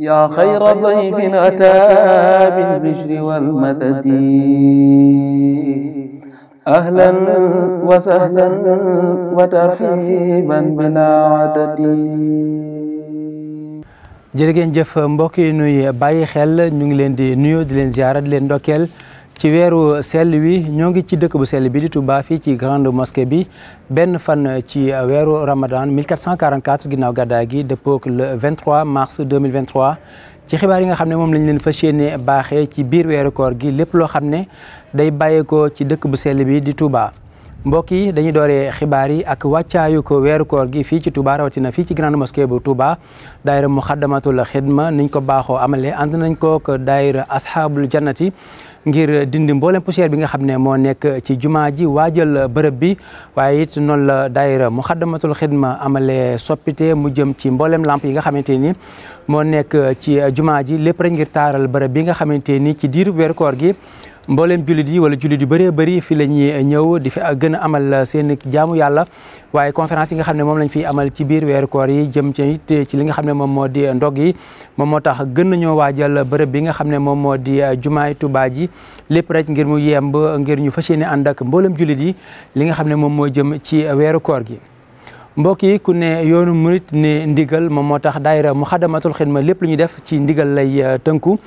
yaa xayra dayfin ataa bil bishri wal madadi ahlan wa sahlan wa tarxiiban bilaa adadi. jërë ngeen jëf mbokk yi nuy bàyyi xel ñu ngi leen di nuyu di leen ziyaara di leen ndokkeel. ci weeru sell wi ñoo ngi ci dëkk bu sell bi di Touba fii ci grande mosquée bi benn fan ci weeru ramadan 1444 ginnaaw gàddaay gi dëppook le 23 mars 2023 ci xibaar yi nga xam ne moom lañu leen fas yéene baaxee ci biir weeru koor gi lépp loo xam ne day bàyyeekoo ci dëkk bu sell bi di Touba mbokk yi dañuy dooree xibaar yi ak wàccaayu ko weeru koor gi fii ci Touba rawatina fii ci grande mosquée bu Touba daayira Muxaddamatul Xidma niñ ko baaxoo amalee ànd nañ ko daayira Ashaabul Jannati ngir dindi mboolem poussière bi nga xam ne moo nekk ci juma ji waajal bërëb bi waaye it noonu la daayira Muxaddamatul Xidma amale soppite mu jëm ci mboolem lamp yi nga xamante ni moo nekk ci jumaa ji lépp rek ngir taaral bërëb bi nga xamante ni ci diiru weeru koor gi mbooleem jullit yi wala jullit yu bëree bëri fi la ñuy ñëw di fi gën a amal seen jaamu yàlla waaye conférence yi nga xam ne moom lañ fiy amal ci biir weeru koor yi jëm ci it ci li xam ne moom moo di ndog yi moom moo tax gën nañoo waajal bërëb bi nga xam ne moom moo di jumaay Tuubaa ji lépp rek ngir mu yemb ngir ñu fas yéene ànd ak mbooleem jullit yi li nga xam ne moom moo jëm ci weeru koor gi mbokk yi ku ne yoonu murit ne ndigal moom moo tax daayira Muxaddamatul ma lépp lu ñu def ci ndigal lay tënku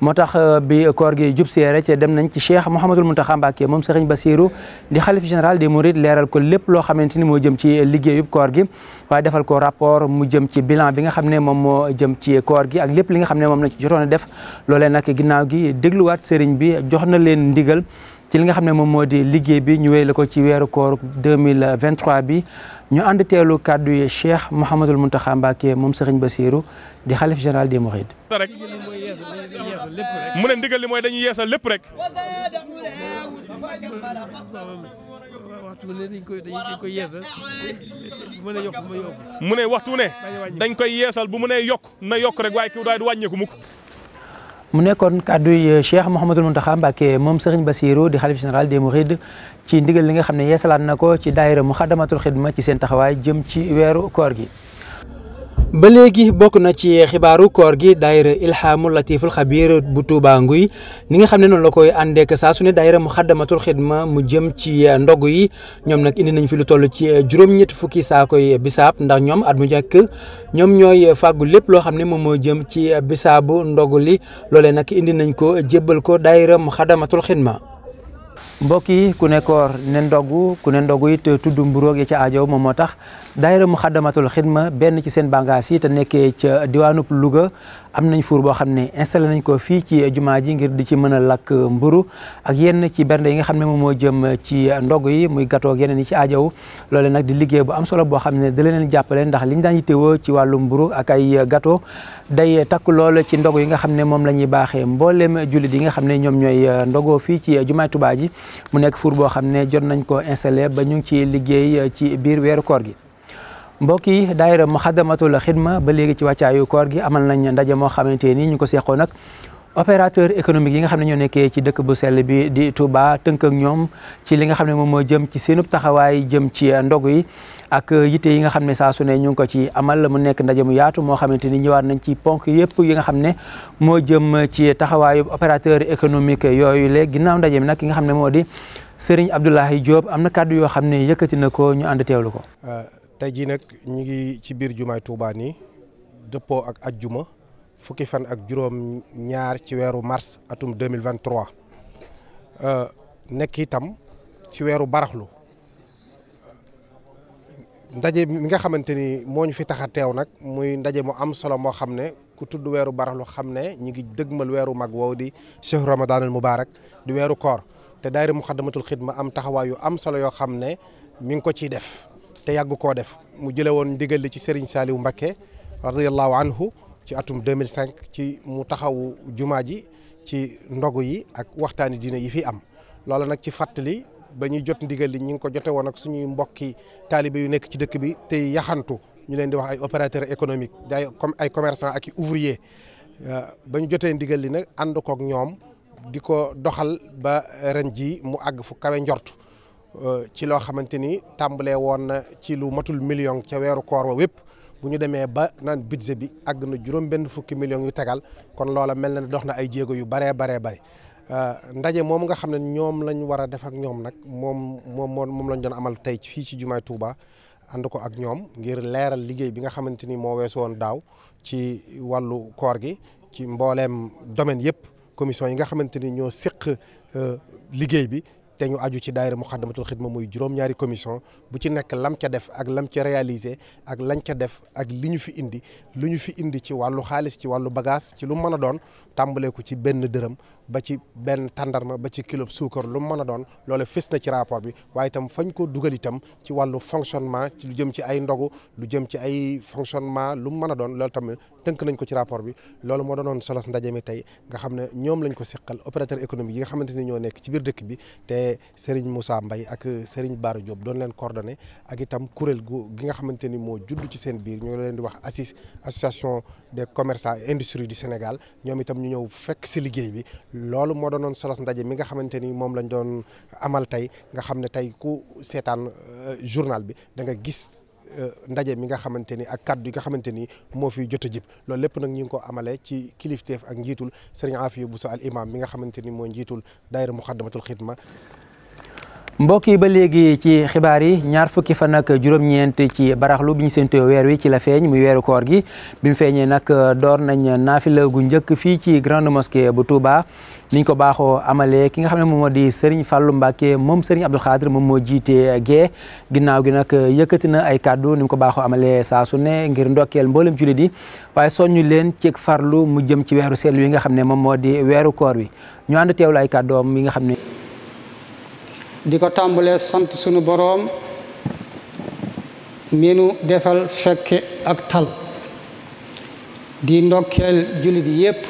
moo tax euh, bi koor gi jub see rek dem nañ ci cheikh Mouhamadul Mountakha Mbacké moom Serigne Bassirou di xalif général des Mourides leeral ko lép loo xamante ni moo jëm ci liggéeyub koor gi waaye defal ko rapport mu jëm ci bilan bi nga xam ne moom moo jëm ci koor gi ak lépp li nga xam ne moom lañ ci jotoon a def loolee nag ginnaaw gi dégluwaat Serigne bi jox na leen ndigal ci li nga xam ne moom moo di liggéey bi ñu wéyale ko ci weeru koor 2023 bi ñu ànd teelu kàddu yi Cheikh Mouhamadul Mountakha Mbacké moom ba Bassirou di xalif général des Mourides mu ne ndigal li mooy dañuy yeesal lépp rek mu ne waxtu ne dañ koy yeesal bu mu yokk na yokk rek waaye ki daay du wàññeeku mukk mu nekkoon kàdduy euh, Cheikh Mouhamadul Mountakha Mbacké moom ba Bassirou di xalif général des Mourides ci ndigal li nga xam ne yeesalaat na ko ci daayira Muxaddamatul Xidma ci seen taxawaay jëm ci weeru koor gi ba léegi bokk na ci xibaaru koor gi daayira ilhaamul latiful xabiir bu tuubaangu yi ni nga xam ne noonu la koy àndeek saa su ne daayira mu xaddamatul xidma mu jëm ci eh, ndog yi ñoom nag indi nañ fi lu toll ci eh, juróom-ñetti fukki saa koy bisaab ndax ñoom at mu njëkk ñoom ñooy fàggu lépp loo xam ne moom moo jëm ci bisaabu ndog li loolee nag indi nañ ko jébbal ko daayira mu xaddamatul xidma mbokk yi ku ne koor ndogu ku ne ndogu it tudd mburoog yi ca aajo moom moo tax daayira mu xaddamatul xidma benn ci seen bangaas yi a nekke ca diwaanu Louga am nañ fuur boo xam ne installé nañ ko fii ci jumaa ji ngir di ci mën a lakk mburu ak yenn ci bernde yi nga xam ne moom moo jëm ci ndog yi muy gâteau ak yi ci aajaw loole nag di liggéey bu am solo boo xam ne da leen jàppale ndax liñ daan yittewoo ci wàllu mburu ak ay gâteau day takk lool ci ndog yi nga xam ne moom la ñuy baaxee mbooleem jullit yi nga xam ne ñoom ñooy ndogoo fii ci jumaay Tuubaa ji mu nekk four boo xam ne jot nañ ko installé ba ñu ngi ci liggéey ci biir weeru koor gi mbokk yi daayira Moukhaddamatoul Khidma ba léegi ci wàccaayu koor gi amal nañ ndaje moo xamante ni ñu ko seqoon nag opérateur économique yi xam ne ñoo nekkee ci dëkk bu sell bi di Touba tënk ak ñoom ci li nga xam ne moom moo jëm ci seenub taxawaay jëm ci ndog yi ak yitte yi nga xam ne saa su ne ñu ngi ko ci amal mu nekk ndaje mu yaatu moo xamante ni ñëwaat nañ ci ponk yëpp yi nga xam ne moo jëm ci taxawaayu opérateur économique yooyu léegi ginnaaw ndaje mi nag ki nga xam ne moo di Serigne Abdoulaye Diop am na kàddu yoo xam ne yëkkati na ko ñu ànd teewlu ko euh, tey jii nag ñu ngi ci biir jumaay Touba nii dëppoo ak juma fukki fan ak juróom ñaar ci weeru mars atum 2023 euh, nekk itam ci weeru baraxlu ndaje mi nga xamante ni moo ñu fi tax a teew nag muy ndaje mu am solo moo xam ne ku tudd weeru baraxlu xam ne ñu ngi dëgmal weeru mag wow di cheikh ramadanul mubarak di weeru koor te daayira muxaddamatul xidma am taxawaay yu am solo yoo xam ne mi ngi ko ciy def te yàgg koo def mu jële woon ndigal li ci Serigne Saliou Mbacké radiyallahu anhu ci atum 2005 ci mu taxawu jumaa ji ci ndogu yi ak waxtaani diine yi fi am loola nag ci fàttali ba ñuy jot ndigal li ñi ngi ko jote woon ak suñuy mbokki taalibe yu nekk ci dëkk bi tey yaxantu ñu leen di wax ay opérateurs économiques day comme ay commerçants ak i ouvriers ba ñu jotee ndigal li nag ànd kook ñoom di ko doxal ba ren ji mu àgg fu kawe njort Euh, ci loo xamante ni tàmbalee woon na ci lu matul million ca weeru koor wa wépp bu ñu demee ba nan budget bi àgg na juróom benn fukki millions yu tegal kon loola mel na ne dox na ay jéego yu baree baree bare euh, ndaje moom nga xam ne ñoom lañu war a def ak ñoom nag moom moom moom lañ doon amal tey fii ci jumaay Touba ànd ko ak ñoom ngir leeral liggéey bi nga xamante ni moo weesu woon daaw ci wàllu koor gi ci mbooleem domaine yëpp commission yi nga xamante ni ñoo séq euh, liggéey bi te ñu aju ci daayira Muxaddamatul Xidma muy juróom-ñaari commission bu ci nekk lam ca def ak lam ca réalisé ak lañ ca def ak li ñu fi indi lu ñu fi indi ci wàllu xaalis ci wàllu bagaas ci lu mën a doon tàmbalee ko ci benn dërëm ba ci benn tàndarma ba ci kilo suukar lu mën a doon loole fës na ci rapport bi waaye itam fañ ko dugal itam ci wàllu fonctionnement ci lu jëm ci ay ndogu lu jëm ci ay fonctionnement lu mën a doon loolu tamit tënk nañ ko ci rapport bi loolu moo doonoon solos ndaje mi tey nga xam ne ñoom lañ ko seqal opérateur économique yi nga xamante ñoo nekk ci biir dëkk bi mais eh, Serigne Moussa Mbaye ak eh, Serigne Bara Diop doon leen coordonné ak itam kuréel gu gi nga xamante ni moo judd ci seen biir ñu leen di wax assis association des commerçants et industries du Sénégal ñoom itam ñu ñëw fekk si liggéey bi loolu moo doonoon solos ndaje mi nga xamante ni moom lañ doon amal tey nga xam ne tey ku seetaan eh, journal bi da gis Euh, ndaje mi nga xamante ni ak kaddu yi nga xamante ni moo fi jot a jib loolu lépp nag ñu ngi ko amale ci kilifteef ak njiitul sëriñ Afiya Buso so imam mi nga xamante ni moo njiitul daayira Muxaddamatul Xidma mbokk yi ba léegi ci xibaar yi ñaar fukki fan ak juróom-ñeent ci baraxlu bi ñu séentoo weer wi ci la feeñ muy weeru koor gi bi mu feeñee nag door nañ naafila gu njëkk fii ci grande mosquée bu Touba niñ ko baaxoo amalee ki nga xam ne moom moo di Serigne Fallou Mbacké moom Serigne Abdou Khadre moom moo jiite gee ginnaaw gi nag yëkkati na ay kàddu ni mu ko baaxoo amalee saa su ngir ndokkeel mboolem jullit yi waaye soññu leen ci farlu mu jëm ci weeru sel wi nga xam ne moom moo di weeru koor wi ñu ànd teewlu ay kàddoom yi nga xam ne. di ko tàmbalee sant sunu boroom minu defal fekke ak tal di ndokkeel jullit yépp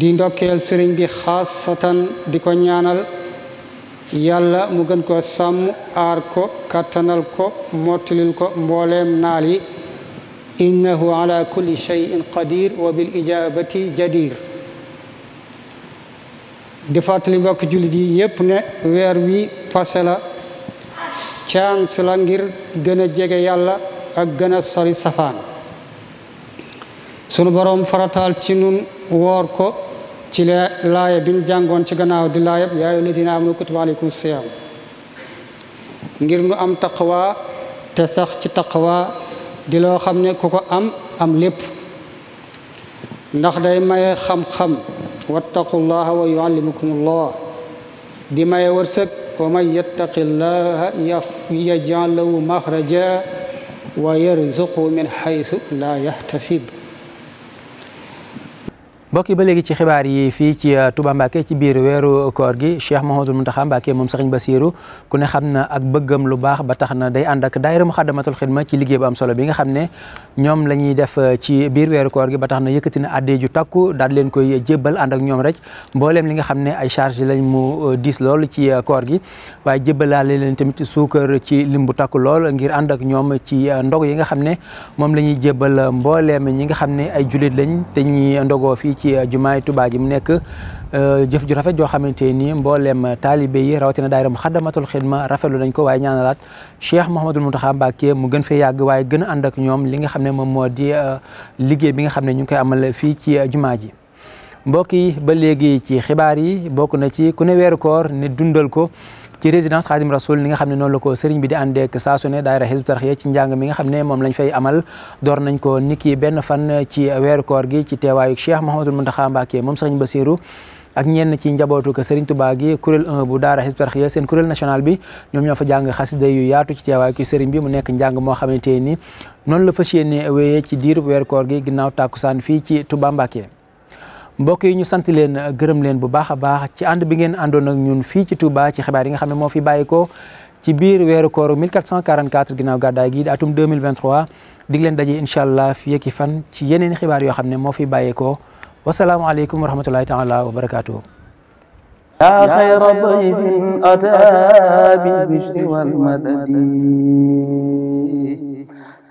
di ndokkeel sëriñ bi xaasatan di ko ñaanal yàlla mu gën ko sàmm aar ko kattanal ko mottalil ko mboolem naal yi innahu ala kulli shay'in qadir wa bil ijabati jadir di fàttali mbokk jullit yi yépp ne weer wi passé la chance la ngir gën a jege yàlla ak gëna a sori safaan sunu boroom faratal ci nun woor ko ci laaya bi ñu jàngoon ci gannaaw di laayab yaa ayyuhal ladiina aamanu kutiba aleykum siyaam ngir nu am taqwa te sax ci taqwa di loo xam ne ku ko am am lépp ndax day maye xam-xam wattaqullaha wa yuallimukumullah di maye wërsëg wa man yattaqillaha yaj'al lahu maxraja wa yarzuqu min xaytu la yahtasib mbokk yi ba léegi ci xibaar yi fii ci euh, Touba Mbacké ci biir weeru koor gi Cheikh Mouhamadoul Mountakha Mbacké moom Serigne Bassirou ku ne xam na ak bëggam lu baax ba tax na day ànd ak daayira Muxaddamatul Xidma ci liggéey bu am solo bi nga xam ne ñoom la ñuy def euh, ci biir weeru koor gi ba na yëkkati na addee ju takku daal leen koy jébbal ànd ak ñoom rek mbooleem li nga xam ne ay charge lañ mu euh, diis lool ci koor gi waaye jébbalaale leen tamit suukar ci lim bu takku lool ngir ànd ak ñoom ci ndog yi nga xam ne moom la ñuy jébbal mbooleem ñi nga xam ne ay julit lañ te ñi ndogoo fii ci euh, jumaay Tuubaa ji mu nekk euh, jëf ju rafet joo xamante ni mboolem taalibe yi rawatina daayira Muxaddamatul Xidma rafetlu nañ ko waaye ñaanalaat Cheikh Mouhamadul Mountakha Mbacké mu gën fee yàgg waaye gën a ànd ak ñoom li nga xam ne moom moo di euh, liggéey bi nga xam ne ñu ngi koy amal fii ci jumaa ji mbokk yi ba léegi ci xibaar yi bokk na ci ku ne weeru koor ne dundal ko ci résidence Xaadim Rasul ni nga xam ne noonu la ko sëriñ bi di àndeek saa su ne daayira Hizbut ci njàng mi nga xam ne moom lañ fay amal door nañ ko niki benn fan ci weeru koor gi ci teewaayu Cheikh Mouhamadul Mountakha Mbacké moom sëriñ Bassirou ak ñenn ci njabootu ko Serigne Touba gi kuréel bu daara Hizbut Tarqiyyah seen kuréel national bi ñoom ñoo fa jàng xasida yu yaatu ci teewaay ki Serigne bi mu nekk njàng moo xamante ni noonu la fas yéene wéyee ci diirub weer koor gi ginnaaw tàkkusaan fii ci Touba Mbacké mbokk yi ñu sant leen gërëm leen bu baax a baax ci ànd bi ngeen àndoon ak ñun fii ci Touba ci xibaar yi nga xam ne moo fi bàyyikoo ci biir weeru kooru 1444 ginnaaw gàddaay gi atum 2023 dig leen daje incha allah fi yekki fan ci yeneen xibaar yoo xam ne moo fi bàyyeekoo wasalaamualeykum wa rahmatulahi taala wa barakaatuhu yaa xayra dayfin ataa bil bishri wal madadi